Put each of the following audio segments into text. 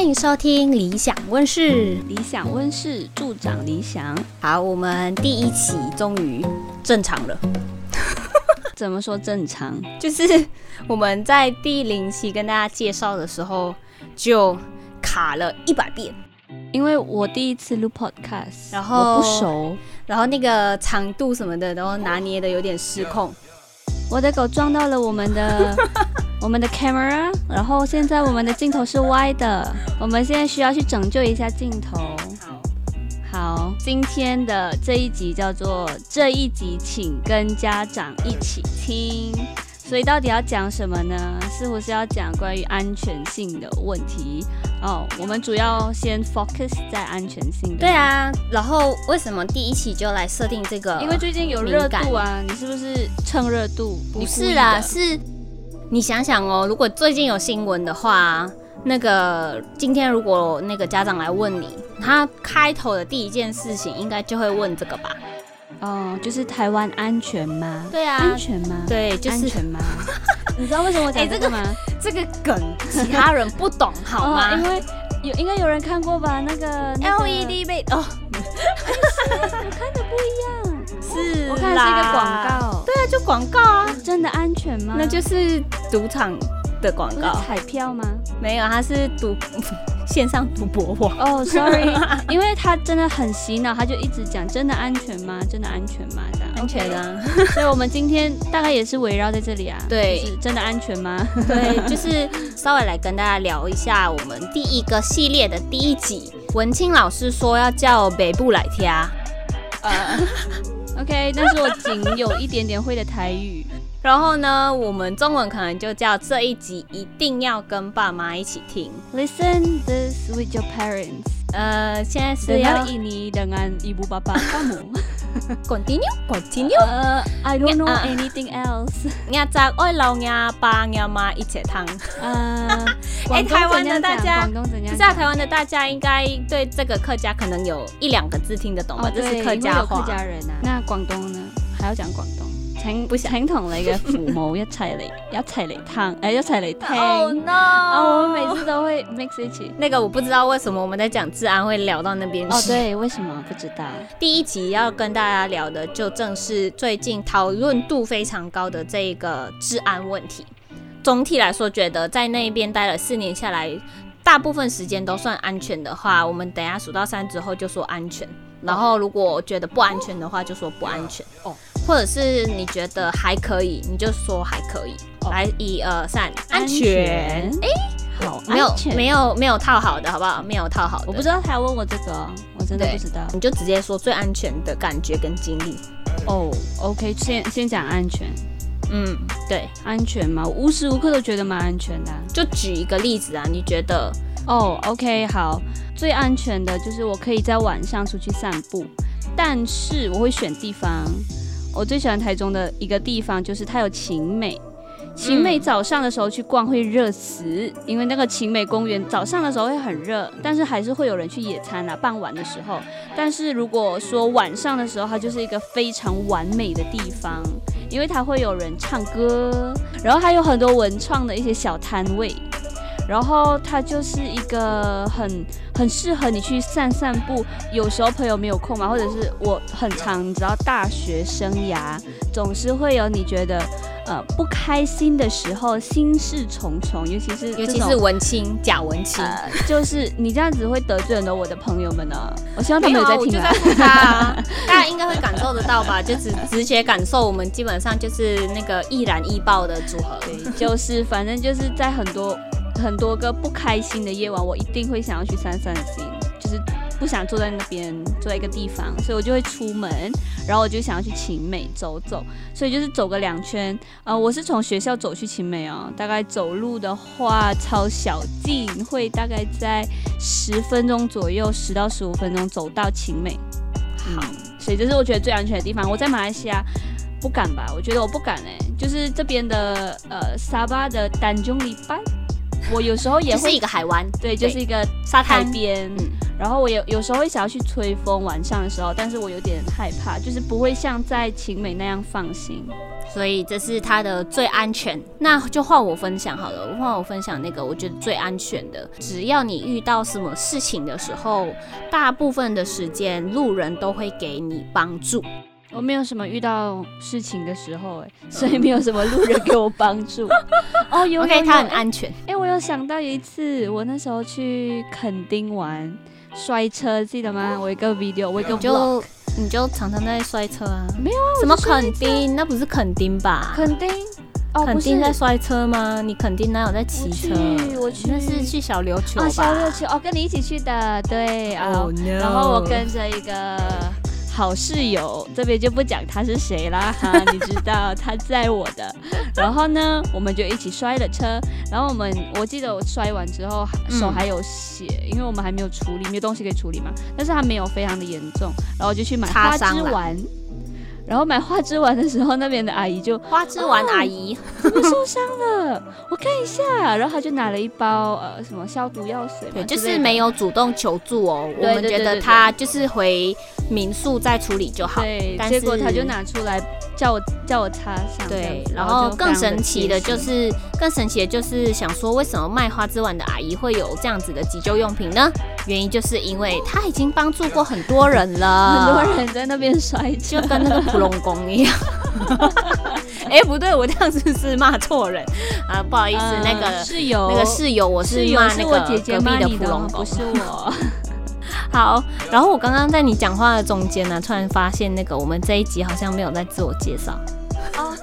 歡迎收聽理想溫室，理想溫室助長理想。好，我們第一期終於正常了。 怎麼說正常？就是我們在第零期跟大家介紹的時候就卡了一百遍，因為我第一次錄 podcast，然後我不熟，然後那個長度什麼的，都拿捏得有點失控。Oh, yeah, yeah. 我的狗撞到了我們的。 我們的 camera，然後現在我們的鏡頭是歪的，我們現在需要去拯救一下鏡頭。好，今天的這一集叫做這一集，請跟家長一起聽。所以到底要講什麼呢？似乎是要講關於安全性的問題哦。我們主要先 focus 在安全性。對啊，然後為什麼第一期就來設定這個？因為最近有熱度啊。你是不是蹭熱度？不是啊，是。你想想哦，如果最近有新聞的話，那個今天如果那個家長來問你，他開頭的第一件事情應該就會問這個吧？哦，就是台灣安全嗎？對啊，安全嗎？對，就是安全嗎？ 你知道為什麼我講這個嗎？欸，這個、這個梗，其他人不懂好嗎？哦、因為有應該有人看過吧？那個、那個、L E D 被哦，哈哈哈哈，我看的不一樣。我看是一個廣告，對啊，就廣告啊，嗯，真的安全嗎？那就是賭場的廣告，彩票嗎？沒有，它是賭線上賭博網。哦，oh,，sorry， 因為他真的很洗腦，他就一直講真的安全嗎？真的安全嗎？這樣安全的， 所以我們今天大概也是圍繞在這裡啊。對，就是，真的安全嗎？ 對，就是稍微來跟大家聊一下我們第一個系列的第一集。文清老師說要叫北部來聽，呃、 uh,。OK，但是我僅有一點點會的台語。 然後呢，我們中文可能就叫這一集一定要跟爸媽一起聽。Listen this with your parents。呃，現在是等一下，這一集，跟爸、爸、爸、 Continue, continue. Uh, I don't know anything else. 年、uh, 仔，我老年阿爸年阿媽一齊唱。哎，台灣的大家，其實台灣的大家應該對這個客家可能有一兩個字聽得懂吧？哦，這是客家話。有客家人啊。那廣東呢？還要講廣東？請請同你嘅父母一齊嚟，一齊嚟探。誒一齊嚟聽。Oh 哦、no! oh! 啊、我們每次都會 mix 一起。那個我不知道為什麼我們在講治安會聊到那邊。哦、oh，對，為什麼？不知道。第一集要跟大家聊的就正是最近討論度非常高的這一個治安問題。總體來說，覺得在那邊待了四年下來，大部分時間都算安全的話，我們等一下數到三之後就說安全。然後如果覺得不安全的話，就說不安全、啊、哦，或者是你覺得還可以，你就說還可以，哦、來一二三安全。哎、欸、好安全，沒有沒有沒有套好的好不好？沒有套好的，我不知道他要問我這個，我真的不知道，你就直接說最安全的感覺跟經歷哦，OK 先先講安全，嗯對，安全嘛，無時無刻都覺得蠻安全的、啊，就舉一個例子啊，你覺得哦、oh, OK 好。最安全的就是我可以在晚上出去散步，但是我會選地方。我最喜歡台中的一個地方就是它有晴美，晴美早上的時候去逛會熱死，因為那個晴美公園早上的時候會很熱，但是還是會有人去野餐啊，傍晚的時候。但是如果說晚上的時候，它就是一個非常完美的地方，因為它會有人唱歌，然後還有很多文創的一些小攤位。然後它就是一個很很適合你去散散步。有時候朋友沒有空嘛，或者是我很常，你知道，大學生涯總是會有你覺得呃不開心的時候，心事重重。尤其是尤其是文青、呃、假文青、呃，就是你這樣子會得罪很多我的朋友們呢、啊。我希望他們有在聽啊。大家、啊、 應該會感受得到吧？就直直接感受，我們基本上就是那個易燃易爆的組合。就是反正就是在很多。很多個不開心的夜晚，我一定會想要去散散心，就是不想坐在那邊，坐在一個地方，所以我就會出門，然後我就想要去晴美走走，所以就是走個兩圈。呃，我是從學校走去晴美哦、喔，大概走路的話，抄小徑會大概在十分鐘左右，十到十五分鐘走到晴美、嗯。好，所以這是我覺得最安全的地方。我在馬來西亞不敢吧？我覺得我不敢哎、欸，就是這邊的呃沙巴的丹絨利巴。 我有時候也會，就是一個海灣，對，就是一個沙灘邊、嗯。然後我有有時候會想要去吹風，晚上的時候，但是我有點害怕，就是不會像在晴美那樣放心。所以這是它的最安全。那就換我分享好了，換我分享那個我覺得最安全的。只要你遇到什麼事情的時候，大部分的時間路人都會給你幫助。我沒有什麼遇到事情的時候哎、欸，所以沒有什麼路人給我幫助。嗯、 哦有 okay, 有，有，他很安全。哎、欸，我有想到有一次，我那時候去墾丁玩，okay. 摔車，記得嗎？我一個 video，我一個 blog 你就你就常常在摔車啊？沒有啊，什麼墾丁？那不是墾丁吧？墾丁。墾、oh, 丁在摔車嗎？你墾丁哪有在騎車？我去，我去，那是去小琉球。啊、哦，小琉球哦，跟你一起去的，對啊。Oh, no. 然後我跟着一個。好室友，okay. 這邊就不講他是誰啦哈、 啊，你知道他載我的。 然後呢，我們就一起摔了車。然後我們，我記得我摔完之後手還有血，嗯，因為我們還沒有處理，沒有東西可以處理嘛。但是他沒有非常的嚴重，然後就去買花枝丸。然後買花枝丸的時候，那邊的阿姨就花枝丸阿姨，我、啊、受傷了， 我看一下。然後他就拿了一包、呃、什麼消毒藥水。對，就是沒有主動求助哦。對對對對對對，我們覺得他就是回。民宿再處理就好對，但是，結果他就拿出來叫我叫我擦上。對，然後更神奇的就是，更神奇的就是想說，為什麼賣花枝丸的阿姨會有這樣子的急救用品呢？原因就是因為他已經幫助過很多人了，哦、很多人在那邊摔，就跟那個普龍宮一樣。哎、 欸，不對，我這樣子是，是罵錯人啊，不好意思，呃、那個室友，那個室友我是罵那個隔壁的普龍宮不是我。好，然後我剛剛在你講話的中間呢、啊，突然發現那個我們這一集好像沒有在自我介紹。哦，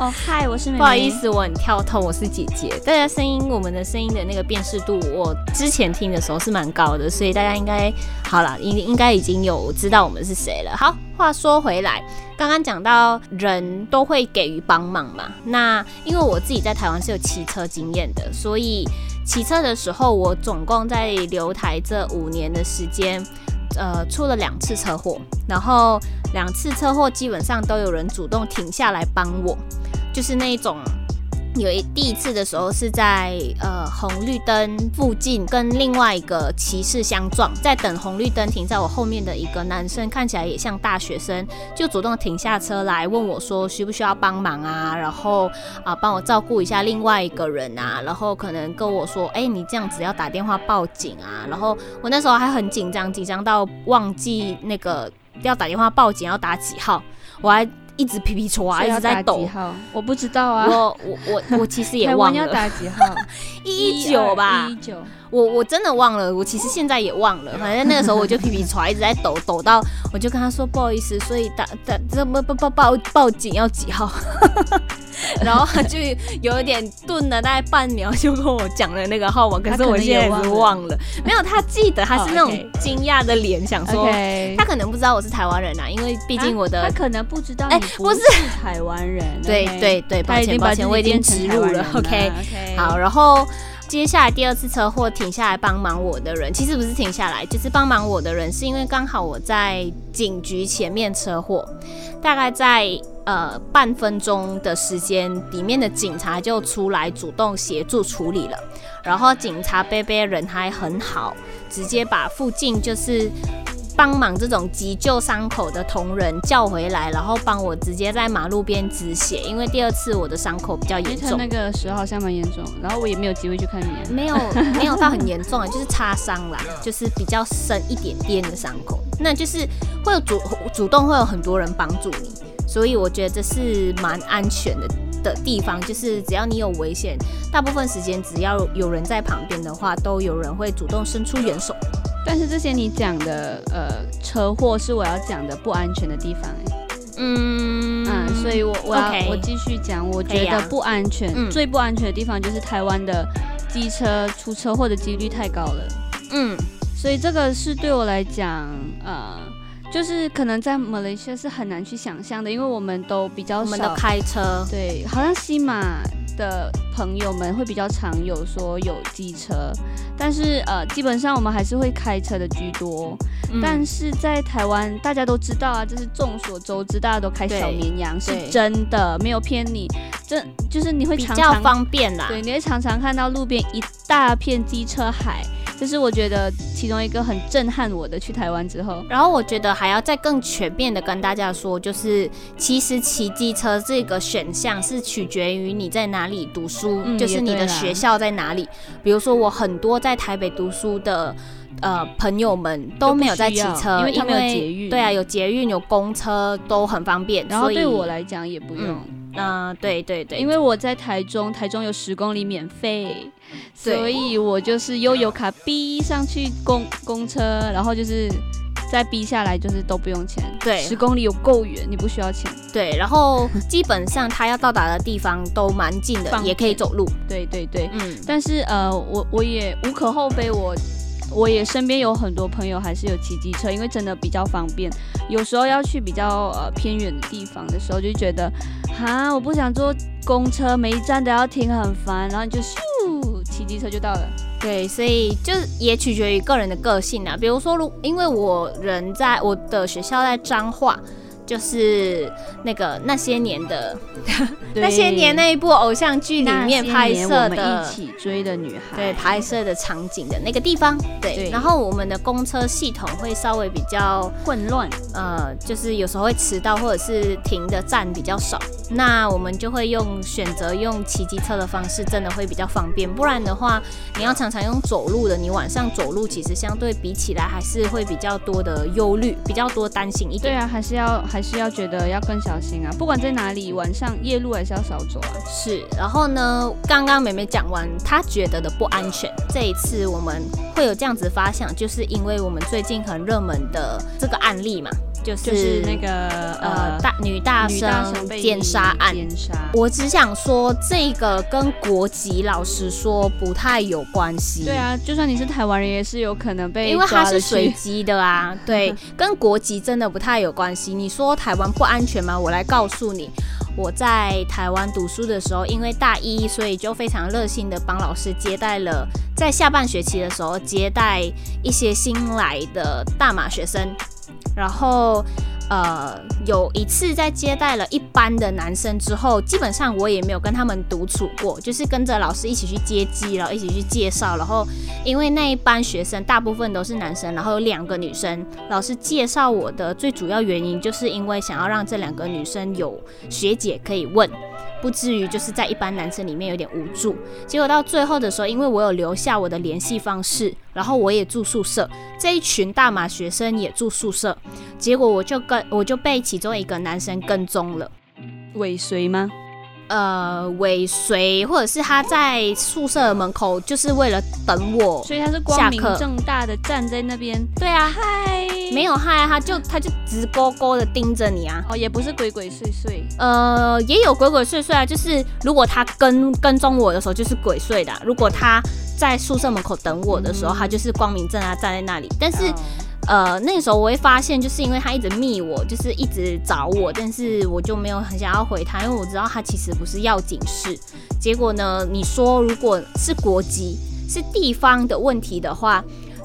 哦，嗨，我是妹妹。不好意思，我很跳脫。我是姐姐。大家，啊、聲音，我們的聲音的那個辨識度，我之前聽的時候是蠻高的，所以大家應該好了，應應該已經有知道我們是誰了。好，話說回來，剛剛講到人都會給予幫忙嘛，那因為我自己在台灣是有騎車經驗的，所以。騎車的時候，我總共在留台這五年的時間，呃，出了兩次車禍，然後兩次車禍基本上都有人主動停下來幫我，就是那種。有第一次的時候是在呃紅綠燈附近跟另外一個騎士相撞，在等紅綠燈停在我後面的一個男生，看起來也像大學生，就主動停下車來問我說需不需要幫忙啊，然後啊幫我照顧一下另外一個人啊，然後可能跟我說哎、欸、你這樣子要打電話報警啊，然後我那時候還很緊張，緊張到忘記那個要打電話報警要打幾號，我還。一直皮皮剉啊，一直在抖。我不知道啊 我，我我我我其實也忘了。台灣要打幾號？ 一一九吧。一一九。我我真的忘了，我其實現在也忘了。反正那個時候我就皮皮揣一直在抖，抖到我就跟他說不好意思，所以打打這報報報報警要幾號，然後他就有一點頓了大概半秒，就跟我講了那個號碼。可是我現在也是忘了，沒有他記得，他是那種驚訝的臉，想說他可能不知道我是台灣人啊，因為畢竟我的、啊、他可能不知道，哎，不是對對對台灣人，對對對，抱歉抱歉，我已經植入了，OK，好，然後。接下來第二次車禍停下來幫忙我的人，其實不是停下來，就是幫忙我的人，是因為剛好我在警局前面車禍，大概在呃半分鐘的時間，裡面的警察就出來主動協助處理了，然後警察伯伯人還很好，直接把附近就是。幫忙這種急救傷口的同仁叫回來，然後幫我直接在馬路邊止血，因為第二次我的傷口比較嚴重，那個時候好像蠻嚴重，然後我也沒有機會去看你，沒有沒有到很嚴重，就是擦傷啦，就是比較深一點點的傷口，那就是會有主主動會有很多人幫助你，所以我覺得這是蠻安全的的地方，就是只要你有危險，大部分時間只要有人在旁邊的話，都有人會主動伸出援手。但是這些你講的，呃，車禍是我要講的不安全的地方，欸，嗯，啊，所以我，我要，Okay. 我要我繼續講，我覺得不安全，啊嗯，最不安全的地方就是台灣的機車出車禍的幾率太高了，嗯，所以這個是對我來講，呃，就是可能在馬來西亞是很難去想象的，因為我們都比較少我們開車，對，好像西馬。的朋友們會比較常有說有機車，但是呃，基本上我們還是會開車的居多、嗯。但是在台灣，大家都知道啊，這是眾所周知，大家都開小綿羊，是真的，沒有騙你，這就是你會常常比較方便啦，對，你會常常看到路邊一大片機車海。就是我覺得其中一個很震撼我的，去台灣之後，然後我覺得還要再更全面的跟大家說，就是其實騎機車這個選項是取決於你在哪裡讀書，嗯，就是你的學校在哪裡。比如說我很多在台北讀書的呃朋友們都沒有在騎車，因為他們有捷運，因為對啊，有捷運有公車都很方便，然後對我來講也不用。嗯、呃，對對對，因為我在台中，台中有十公里免費，所以我就是悠游卡逼上去公公車，然後就是再逼下來，就是都不用錢。對，十公里有夠遠，你不需要錢。對，然後基本上他要到達的地方都蠻近的，也可以走路。對對對，嗯，但是呃，我我也無可厚非，我。我也身邊有很多朋友還是有騎機車，因為真的比較方便。有時候要去比較呃偏遠的地方的時候，就覺得，啊，我不想坐公車，每一站都要停，很煩。然後你就咻，騎機車就到了。對，所以就是也取決於個人的個性啦。比如說，如因為我人在我的學校在彰化，就是那個那些年的 那些年那一部偶像劇裡面拍攝的，一起追的女孩，對，拍攝的場景的那個地方對，對。然後我們的公車系統會稍微比較混亂，呃，就是有時候會遲到或者是停的站比較少，那我們就會用選擇用騎機車的方式，真的會比較方便。不然的話，你要常常用走路的，你晚上走路其實相對比起來還是會比較多的憂慮，比較多擔心一點。對啊，還是要。還是要覺得要更小心啊！不管在哪裡，晚上夜路還是要少走啊。是，然後呢？剛剛美美講完她覺得的不安全，這一次我們會有這樣子的發現，就是因為我們最近很熱門的這個案例嘛。就是那個呃，呃大女大生女大生姦殺案，我只想說這個跟國籍老實說不太有關係。對啊，就算你是台灣人，也是有可能被抓了去。因為他是隨機的啊， 對，跟國籍真的不太有關係。你說台灣不安全嗎？我來告訴你，我在台灣讀書的時候，因為大一，所以就非常熱心的幫老師接待了，在下半學期的時候接待一些新來的大馬學生。然後，呃，有一次在接待了一班的男生之後，基本上我也沒有跟他們獨處過，就是跟着老師一起去接機了，然後一起去介紹。然後，因為那一班學生大部分都是男生，然後有兩個女生，老師介紹我的最主要原因就是因為想要讓這兩個女生有學姐可以問。不至於，就是在一般男生裡面有點無助。結果到最後的時候，因為我有留下我的聯繫方式，然後我也住宿舍，這一群大馬學生也住宿舍，結果我就跟，我就被其中一個男生跟蹤了，尾隨嗎？呃，尾隨，或者是他在宿舍門口，就是為了等我。所以他是光明正大的站在那邊。 對啊，嗨，沒有嗨，他就他就直勾勾的盯着你啊。哦，也不是鬼鬼祟祟，呃，也有鬼鬼祟祟啊。就是如果他跟跟蹤我的時候，就是鬼祟的啊；如果他在宿舍門口等我的時候，嗯，他就是光明正大啊站在那裡。但是。Oh. 呃，那時候我會發現，就是因為他一直密我，就是一直找我，但是我就沒有很想要回他，因為我知道他其實不是要緊事。結果呢，你說如果是國籍是地方的問題的話，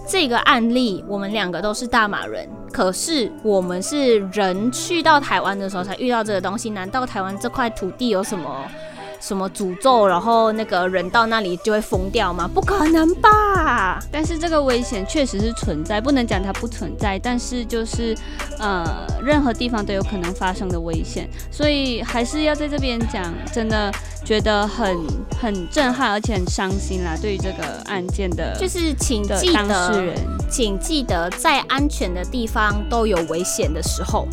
這個案例我們兩個都是大馬人，可是我們是人去到台灣的時候才遇到這個東西，難道台灣這塊土地有什麼？什麼詛咒？然後那個人到那裡就會瘋掉嗎？不可能吧！但是這個危險確實是存在，不能講它不存在。但是就是，呃，任何地方都有可能發生的危險，所以還是要在這邊講。真的覺得很很震撼，而且很傷心啦。對於這個案件的，就是請記得，請記得，再安全的地方都有危險的時候，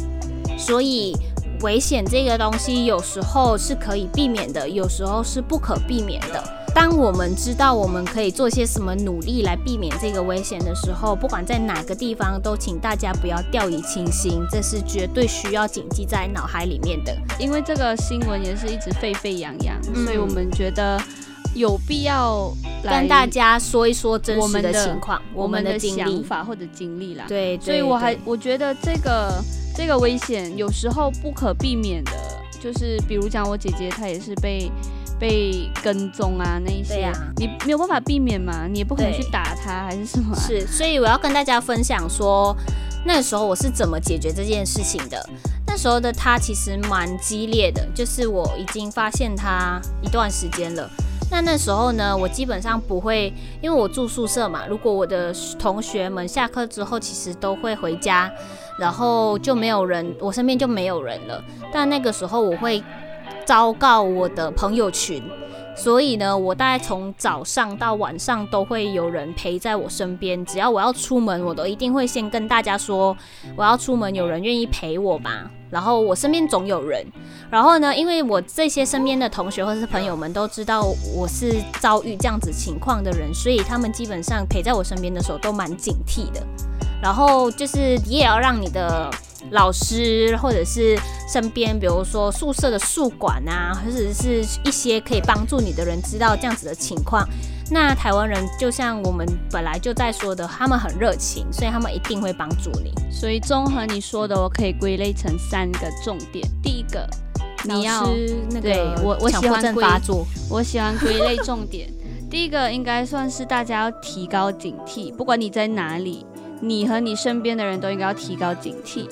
所以。危險這個東西有時候是可以避免的，有時候是不可避免的。當我們知道我們可以做些什麼努力來避免這個危險的時候，不管在哪個地方，都請大家不要掉以輕心，這是絕對需要謹記在腦海裡面的。因為這個新聞也是一直沸沸揚揚，嗯，所以我們覺得。有必要跟大家說一說真實的情況，我們，我們的想法或者經歷啦。對，對，所以我還我覺得這個這個危險有時候不可避免的，就是比如講我姐姐她也是被被跟蹤啊那一些啊，你沒有辦法避免嘛，你也不可能去打她還是什麼啊。是，所以我要跟大家分享說，那時候我是怎麼解決這件事情的。那時候的他其實蠻激烈的，就是我已經發現他一段時間了。那那時候呢，我基本上不會，因為我住宿舍嘛。如果我的同學們下課之後，其實都會回家，然後就沒有人，我身邊就沒有人了。但那個時候，我會昭告我的朋友群。所以呢，我大概從早上到晚上都會有人陪在我身邊。只要我要出門，我都一定會先跟大家說我要出門，有人願意陪我吧？然後我身邊總有人。然後呢，因為我這些身邊的同學或是朋友們都知道我是遭遇這樣子情況的人，所以他們基本上陪在我身邊的時候都蠻警惕的。然後就是你也要讓你的老師或者是身邊，比如說宿舍的宿管啊，或者是一些可以幫助你的人知道這樣子的情況。那台灣人就像我們本來就在說的，他們很熱情，所以他們一定會幫助你。所以綜合你說的，我可以歸類成三個重點。第一個，你要那個對我，我喜歡歸類，我喜歡歸類重點。 第一個應該算是大家要提高警惕，不管你在哪裡。你和你身邊的人都應該要提高警惕。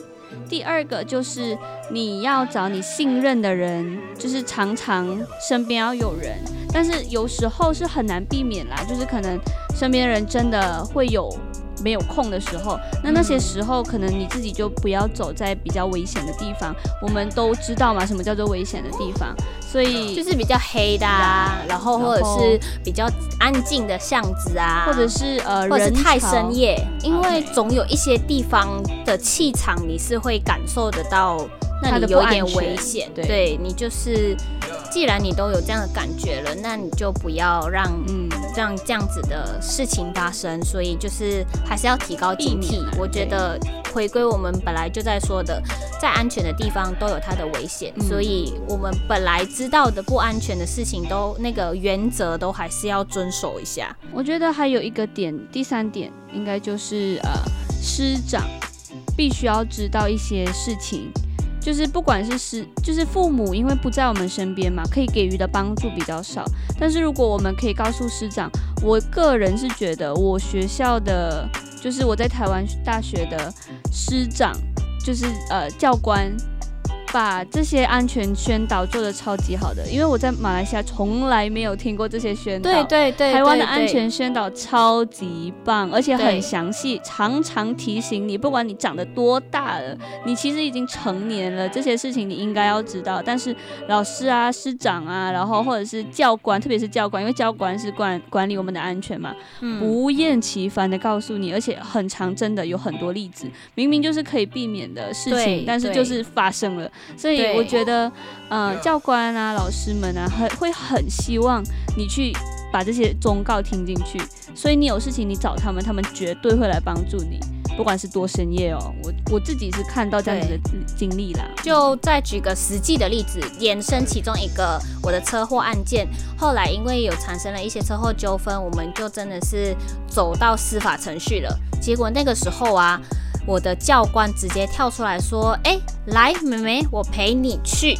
第二個就是你要找你信任的人，就是常常身邊要有人，但是有時候是很難避免啦，就是可能身邊的人真的會有。沒有空的時候，那那些時候，嗯，可能你自己就不要走在比較危險的地方。我們都知道嘛，什麼叫做危險的地方？所以就是比較黑的啊，然後，然後或者是比較安靜的巷子啊，或者是呃人，或者太深夜，因為總有一些地方的氣場你是會感受得到。那你一有點危險，對，對你就是，yeah. 既然，你都有這樣的感覺了，那你就不要讓嗯，讓這樣子的事情發生，所以就是還是要提高警惕。我覺得回歸我們本來就在說的，在安全的地方都有它的危險，嗯，所以我們本來知道的不安全的事情都那個原則都還是要遵守一下。我覺得還有一個點，第三點應該就是呃，師長必須要知道一些事情。就是不管是師，就是父母，因為不在我們身邊嘛，可以給予的幫助比較少。但是如果我們可以告訴師長，我個人是覺得我學校的，就是我在台灣大學的師長，就是呃教官。把這些安全宣導做得超級好的，因為我在馬來西亞從來沒有聽過這些宣導。對對對，台灣的安全宣導超級棒，對對對，而且很詳細，常常提醒你，不管你長得多大了，你其實已經成年了，這些事情你應該要知道。但是老師啊、師長啊，然後或者是教官，特別是教官，因為教官是管管理我們的安全嘛，嗯，不厭其煩地告訴你，而且很常，真的有很多例子，明明就是可以避免的事情，但是就是發生了。所以我覺得，嗯，呃 yeah. 教官啊，老師們啊，很會很希望你去把這些忠告聽進去。所以你有事情你找他們，他們絕對會來幫助你，不管是多深夜哦。我我自己是看到這樣子的經歷啦。就再舉個實際的例子，延伸其中一個我的車禍案件，後來因為有產生了一些車禍糾紛，我們就真的是走到司法程序了。結果那個時候啊。我的教官直接跳出來說：“哎、欸，來，妹妹，我陪你去。”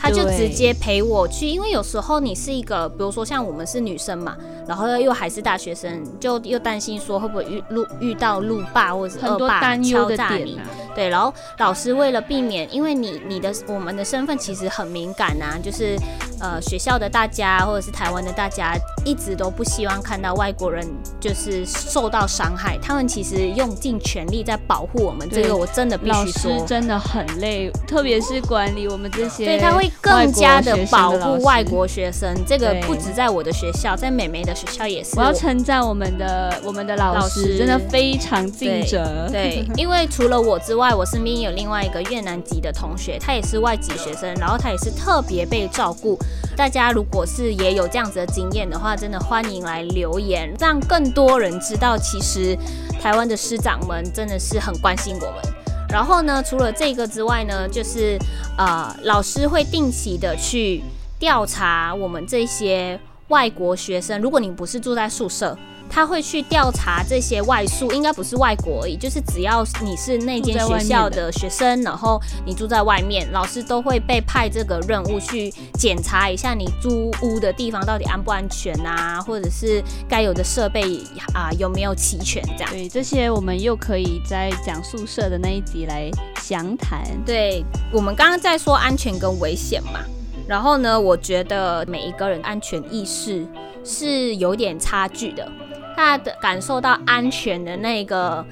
他就直接陪我去，因為有時候你是一個，比如說像我們是女生嘛，然後又還是大學生，就又擔心說會不會遇路遇到路霸或者是惡霸，很多擔憂的點啊。敲詐你，對，然後老師為了避免，因為你你的我們的身份其實很敏感啊，就是呃學校的大家或者是台灣的大家一直都不希望看到外國人就是受到傷害，他們其實用盡全力在保護我們。這個我真的必須說老師真的很累，特別是管理我們這些。對，他會。更加的保護外國學生，國學生，這個不止在我的學校，在美美的學校也是我。我要稱讚我們的我們的老師，老師，真的非常盡責。對，對 因為除了我之外，我身邊有另外一個越南籍的同學，他也是外籍學生，然後他也是特別被照顧。大家如果是也有這樣子的經驗的話，真的歡迎來留言，讓更多人知道，其實台灣的師長們真的是很關心我們。然後呢，除了這個之外呢，就是，呃，老師會定期的去調查我們這些外國學生，如果你不是住在宿舍。他會去調查這些外宿，應該不是外國而已。就是只要你是那間學校的學生的，然後你住在外面，老師都會被派這個任務去檢查一下你租屋的地方到底安不安全啊，或者是該有的設備啊，呃、有沒有齊全這樣。對，這些我們又可以在講宿舍的那一集來詳談。對，我們剛剛在說安全跟危險嘛，然後呢，我覺得每一個人安全意識是有點差距的。大的感受到安全的那個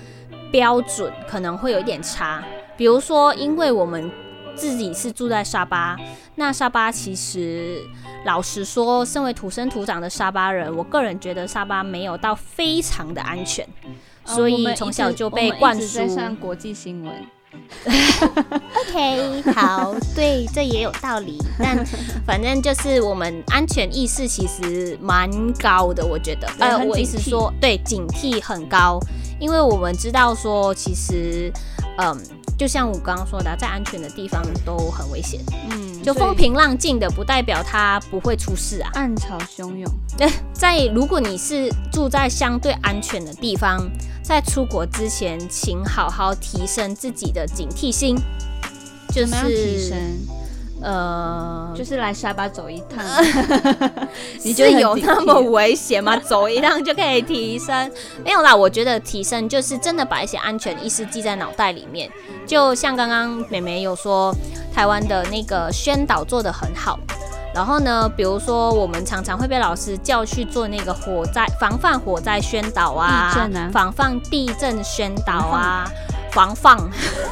標準可能會有一點差。比如說，因為我們自己是住在沙巴，那沙巴其實老實說，身為土生土長的沙巴人，我個人覺得沙巴沒有到非常的安全，所以從小就被灌輸。哦 OK，好，對，這也有道理。但反正就是我們安全意識其實蠻高的，我覺得。呃，我意思說，對，警惕很高，Okay. 因為我們知道說，其實。嗯、um，就像我剛剛說的，再安全的地方都很危險。嗯，就風平浪靜的，不代表它不會出事啊。暗潮洶湧。對， 在如果你是住在相對安全的地方，在出國之前，請好好提升自己的警惕心。就是。沒有提升呃，就是來沙巴走一趟， 你覺得有那麼危險嗎？ 走一趟就可以提升？ 沒有啦，我覺得提升就是真的把一些安全意識記在腦袋裡面。就像剛剛美美有說，台灣的那個宣導做得很好。然後呢，比如說我們常常會被老師叫去做那個火災防範、火災宣導啊，啊防範地震宣導啊。防範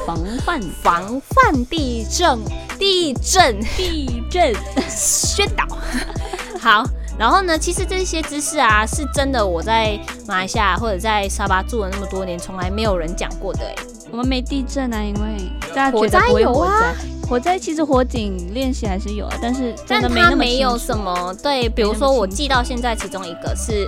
防範 防範地震地震地震 宣導 好，然後呢？其實這些知識啊，是真的，我在馬來西亞或者在沙巴住了那麼多年，從來沒有人講過的。哎，我們沒地震啊，因為大家覺得不會火災，火災有啊，火災其實火警練習還是有啊，但是真的沒那麼清楚啊，沒有什麼。對，比如說我記到現在，其中一個是，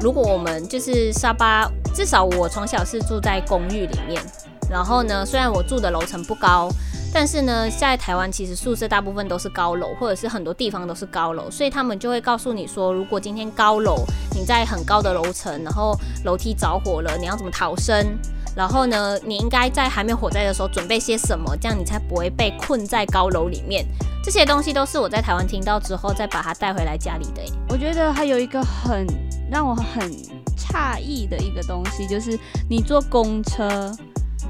如果我們就是沙巴，至少我從小是住在公寓裡面。然後呢，雖然我住的樓層不高，但是呢，在台灣其實宿舍大部分都是高樓，或者是很多地方都是高樓，所以他們就會告訴你說，如果今天高樓，你在很高的樓層，然後樓梯着火了，你要怎麼逃生？然後呢，你應該在還沒有火災的時候準備些什麼，這樣你才不會被困在高樓裡面。這些東西都是我在台灣聽到之後再把它帶回來家裡的。我覺得還有一個很讓我很詫異的一個東西，就是你坐公車。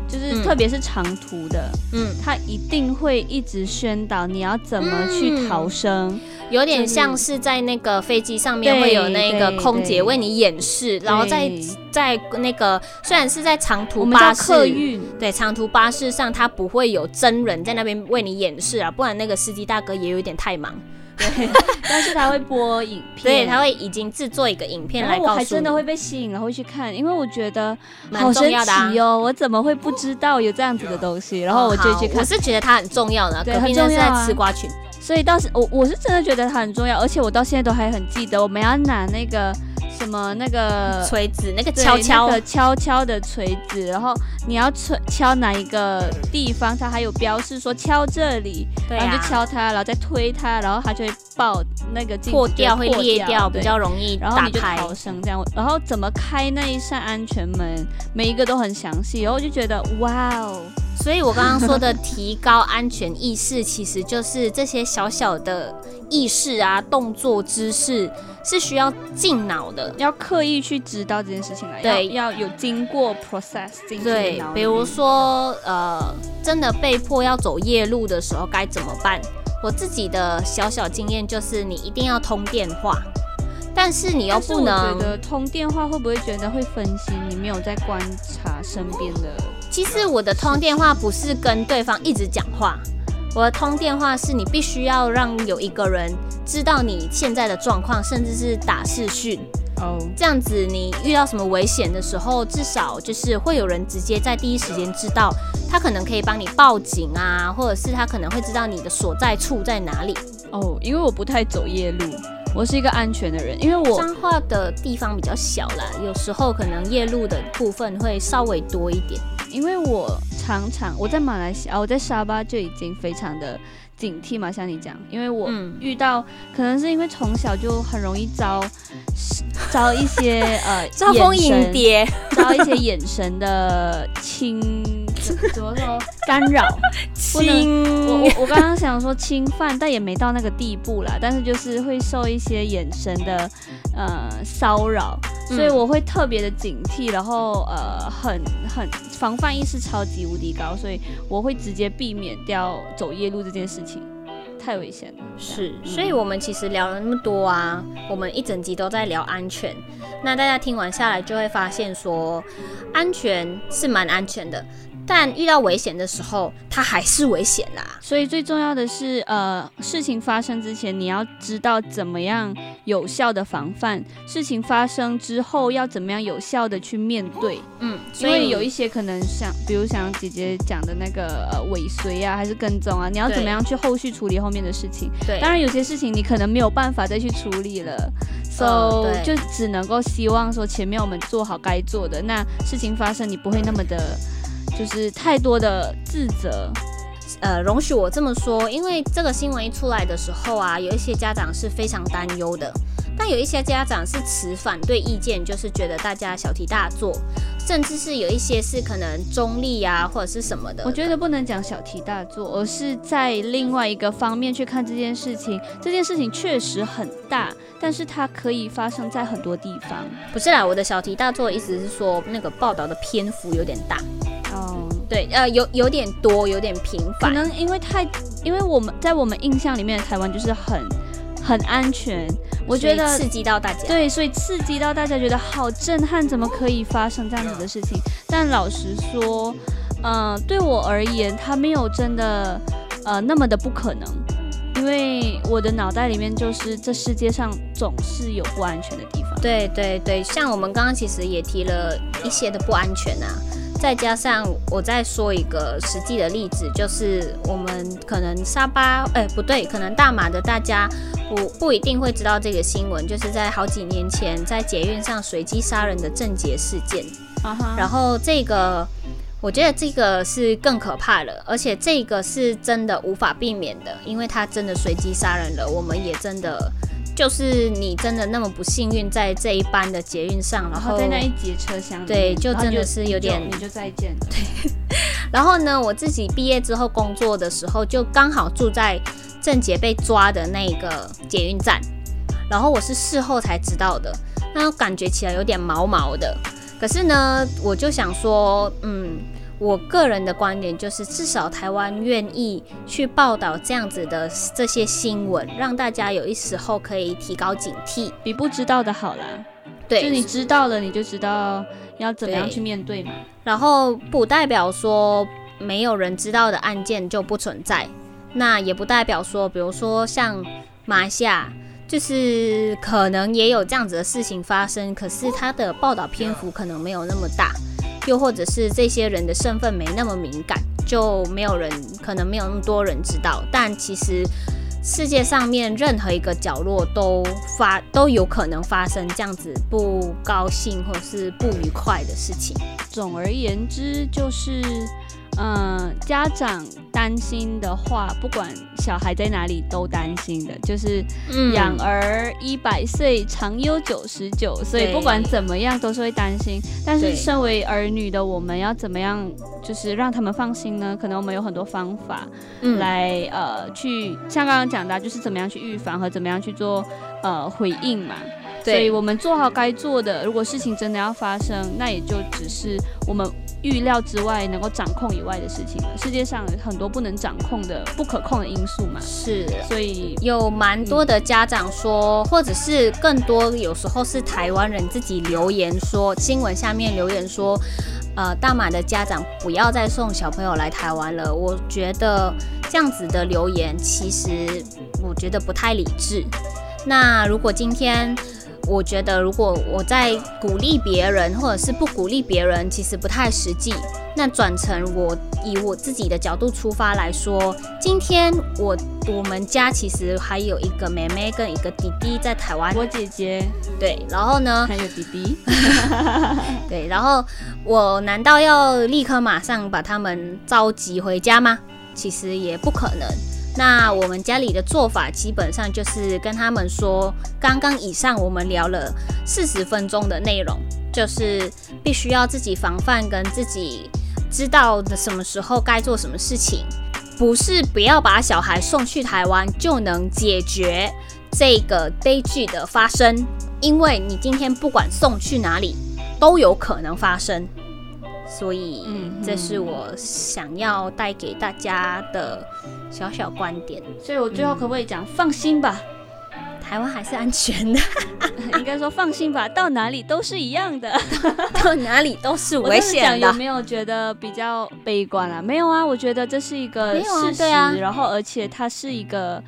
就是特別是長途的，嗯，他一定會一直宣導你要怎麼去逃生，嗯，有點像是在那個飛機上面會有那個空姐為你演示。對對對對，然後在在那個雖然是在長途巴士，我們叫客運，對，長途巴士上他不會有真人在那邊為你演示啊，不然那個司機大哥也有點太忙。 對， 但是他會播影片，對，他會已經制作一個影片來告訴我，還真的會被吸引了會去看，因為我覺得蠻、神奇哦、重要的哦、啊，我怎麼會不知道有這樣子的東西，然後我就去看，哦、我是覺得它很重要呢，隔壁那是在吃瓜群，啊、所以當時我我是真的覺得它很重要，而且我到現在都還很記得我們要拿那個。什麼那個錘子，那個敲敲，的、那個、敲敲的錘子，然後你要敲哪一個地方，它還有標示說敲這裡、啊，然後就敲它，然後再推它，然後它就會爆那個破掉，就破掉會裂掉，比較容易打開逃生這樣。然後怎麼開那一扇安全門，每一個都很詳細，然後我就覺得哇哦。所以，我剛剛說的提高安全意識， 其實就是這些小小的意識啊、動作、知識是需要進腦的，要刻意去知道這件事情的、啊。對要，要有經過 process 對，比如說，呃，真的被迫要走夜路的時候該怎麼辦？我自己的小小經驗就是，你一定要通電話，但是你又不能覺得通電話，會不會覺得會分心？你沒有在觀察身邊的、嗯。其實我的通電話不是跟對方一直講話，我的通電話是你必須要讓有一個人知道你現在的狀況，甚至是打視訊。哦，這樣子你遇到什麼危險的時候，至少就是會有人直接在第一時間知道，他可能可以幫你報警啊，或者是他可能會知道你的所在處在哪裡。哦，因為我不太走夜路，我是一個安全的人，因為我生活的地方比較小啦，有時候可能夜路的部分會稍微多一點。因為我常常我在馬來西亞、啊，我在沙巴就已經非常的警惕嘛，像你講，因為我遇到、嗯、可能是因為從小就很容易招招 一些呃招蜂引蝶，招 一些眼神的親。怎麼說幹？干擾侵？我我我剛剛想說侵犯，但也沒到那個地步啦。但是就是會受一些眼神的呃騷擾，所以我會特別的警惕，然後呃很很防範意識超級無敵高，所以我會直接避免掉走夜路這件事情，太危險了。是，所以我們其實聊了那麼多啊，我們一整集都在聊安全。那大家聽完下來就會發現說，安全是蠻安全的。但遇到危險的時候，它還是危險啦、啊。所以最重要的是，呃，事情發生之前，你要知道怎麼樣有效的防範；事情發生之後，要怎麼樣有效的去面對。嗯。所以因為有一些可能像，比如像姐姐講的那個尾隨啊，還是跟蹤啊，你要怎麼樣去後續處理後面的事情？對。當然有些事情你可能沒有辦法再去處理了，so、嗯、對、就只能夠希望說前面我們做好該做的，那事情發生你不會那麼的。就是太多的自責，呃，容許我這麼說，因為這個新聞一出來的時候啊，有一些家長是非常擔憂的，但有一些家長是持反對意見，就是覺得大家小題大做，甚至是有一些是可能中立呀、啊、或者是什麼的。我覺得不能講小題大做，而是在另外一個方面去看這件事情。這件事情確實很大，但是它可以發生在很多地方。不是啦，我的小題大做意思是說那個報道的篇幅有點大。對，呃，有有點多，有點頻繁，可能因為太，因為我們在我們印象裡面的台灣就是很，很安全，我覺得刺激到大家，對，所以刺激到大家覺得好震撼，怎麼可以發生這樣子的事情？嗯、但老實說，嗯、呃，對我而言，它沒有真的，呃，那麼的不可能，因為我的腦袋裡面就是這世界上總是有不安全的地方。對對對，像我們剛剛其實也提了一些的不安全啊。再加上我再說一個實際的例子，就是我們可能沙巴，哎、欸，不對，可能大馬的大家不，不不一定會知道這個新聞，就是在好幾年前在捷運上隨機殺人的鄭捷事件。Uh-huh. 然後這個，我覺得這個是更可怕的，而且這個是真的無法避免的，因為他真的隨機殺人了，我們也真的。就是你真的那麼不幸運，在這一班的捷運上，然後在那一節車廂，對，就真的是有點，你就再見。對。然後呢，我自己畢業之後工作的時候，就剛好住在鄭捷被抓的那個捷運站，然後我是事後才知道的，那感覺起來有點毛毛的。可是呢，我就想說，嗯。我個人的觀點就是，至少台灣願意去報道這樣子的這些新聞，讓大家有一時候可以提高警惕，比不知道的好啦。對，就你知道了，你就知道要怎麼樣去面對嘛。然後不代表說沒有人知道的案件就不存在，那也不代表說，比如說像馬來西亞，就是可能也有這樣子的事情發生，可是它的報道篇幅可能沒有那麼大。又或者是這些人的身份沒那麼敏感，就沒有人，可能沒有那麼多人知道。但其實世界上面任何一個角落都發都有可能發生這樣子不高興或是不愉快的事情。總而言之，就是，嗯、呃，家長。擔心的話，不管小孩在哪裡都擔心的，就是養兒一百歲，長憂九十九歲，所以不管怎麼樣都是會擔心。但是身為兒女的，我們要怎麼樣，就是讓他們放心呢？可能我們有很多方法來，來、嗯、呃去，像剛剛講的，就是怎麼樣去預防和怎麼樣去做呃回應嘛。所以我們做好該做的，如果事情真的要發生，那也就只是我們預料之外能夠掌控以外的事情了。世界上有很多不能掌控的，不可控的因素嘛，是。所以有蠻多的家長說，嗯、或者是更多，有時候是台灣人自己留言說，新聞下面留言說，呃，大馬的家長不要再送小朋友來台灣了。我覺得這樣子的留言，其實我覺得不太理智。那如果今天。我覺得，如果我在鼓勵別人，或者是不鼓勵別人，其實不太實際。那轉成我以我自己的角度出發來說，今天我我們家其實還有一個妹妹跟一個弟弟在台灣。我姐姐。對，然後呢？還有弟弟。 對，然後我難道要立刻馬上把他們召集回家嗎？其實也不可能。那我們家裡的做法基本上就是跟他們說，剛剛以上我們聊了四十分鐘的內容，就是必須要自己防範，跟自己知道的什麼時候該做什麼事情，不是不要把小孩送去台灣就能解決這個悲劇的發生，因為你今天不管送去哪裡都有可能發生，所以這是我想要帶給大家的。小小觀點，所以我最後可不可以講、嗯，放心吧，台灣還是安全的。 應該說，放心吧，到哪裡都是一樣的， 到哪裡都是危險的，我想有沒有覺得比較悲觀啊？沒有啊，我覺得這是一個事實。啊，對啊，然後，而且它是一個，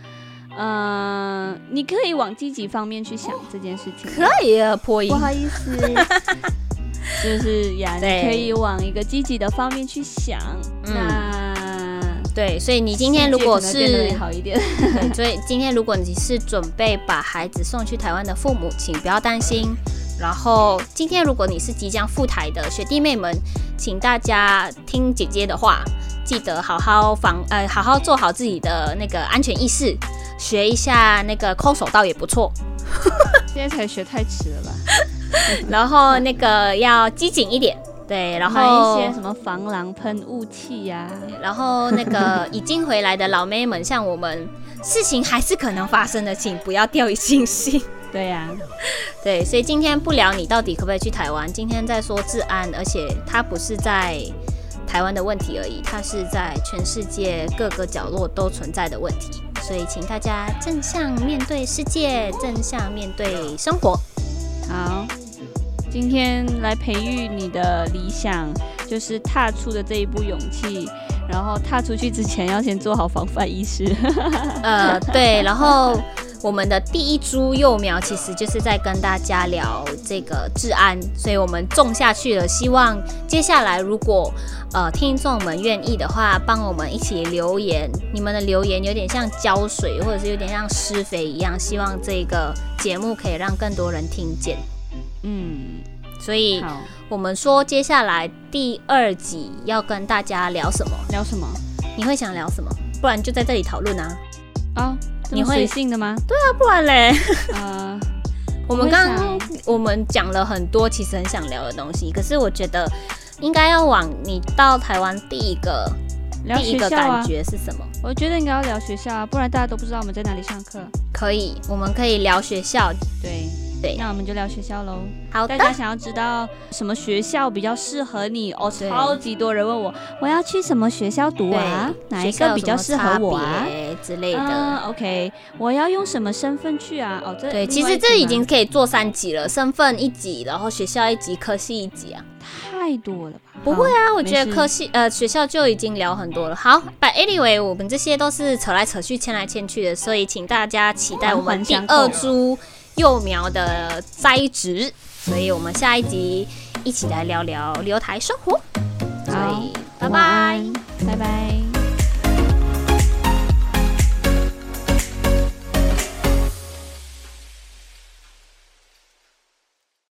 嗯、呃，你可以往積極方面去想這件事情、哦。可以啊，破音。不好意思， 就是呀，你可以往一個積極的方面去想。對，那。嗯對，所以你今天如果是，所以今天如果你是準備把孩子送去台灣的父母，請不要擔心。然後今天如果你是即將赴台的學弟妹們，請大家聽姐姐的話，記得好好防，呃，好好做好自己的那個安全意識，學一下那個空手道也不錯。今天才學太遲了吧？然後那個要機警一點。對，然後還有一些什麼防狼噴霧器呀，然後那個已經回來的老妹們，像我們，事情還是可能發生的，請不要掉以輕心、 啊。對呀，對，所以今天不聊你到底可不可以去台灣，今天在說治安，而且它不是在台灣的問題而已，它是在全世界各個角落都存在的問題，所以請大家正向面對世界，正向面對生活，好。今天來培育你的理想，就是踏出的這一步勇氣。然後踏出去之前要先做好防範意識。呃，對。然後我們的第一株幼苗其實就是在跟大家聊這個治安，所以我們種下去了。希望接下來如果呃聽眾們願意的話，幫我們一起留言。你們的留言有點像澆水，或者是有點像施肥一樣。希望這個節目可以讓更多人聽見。嗯。所以，我們說接下來第二集要跟大家聊什麼？聊什麼？你會想聊什麼？不然就在這裡討論啊。啊？你會隨性的嗎？對啊，不然嘞。啊，我們剛我們講了很多，其實很想聊的東西，可是我覺得應該要往你到台灣第一個第一個感覺是什麼？我覺得應該要聊學校啊，不然大家都不知道我們在哪裡上課。可以，我們可以聊學校。對。對，那我們就聊學校嘍。好，大家想要知道什麼學校比較適合你哦？超級多人問我，我要去什麼學校讀啊？哪一個比較適合我啊之類的、啊、？OK，我要用什麼身份去啊？哦，這對，其實這已經可以做三集了，身份一集，然後學校一集，科系一集啊，太多了吧？不會啊，我覺得科系呃學校就已經聊很多了。好，But anyway，我們這些都是扯來扯去、牽來牽去的，所以請大家期待我們第二集滿滿。幼苗的栽植，所以我們下一集一起來聊聊留台生活。所以，拜拜，拜拜，拜拜。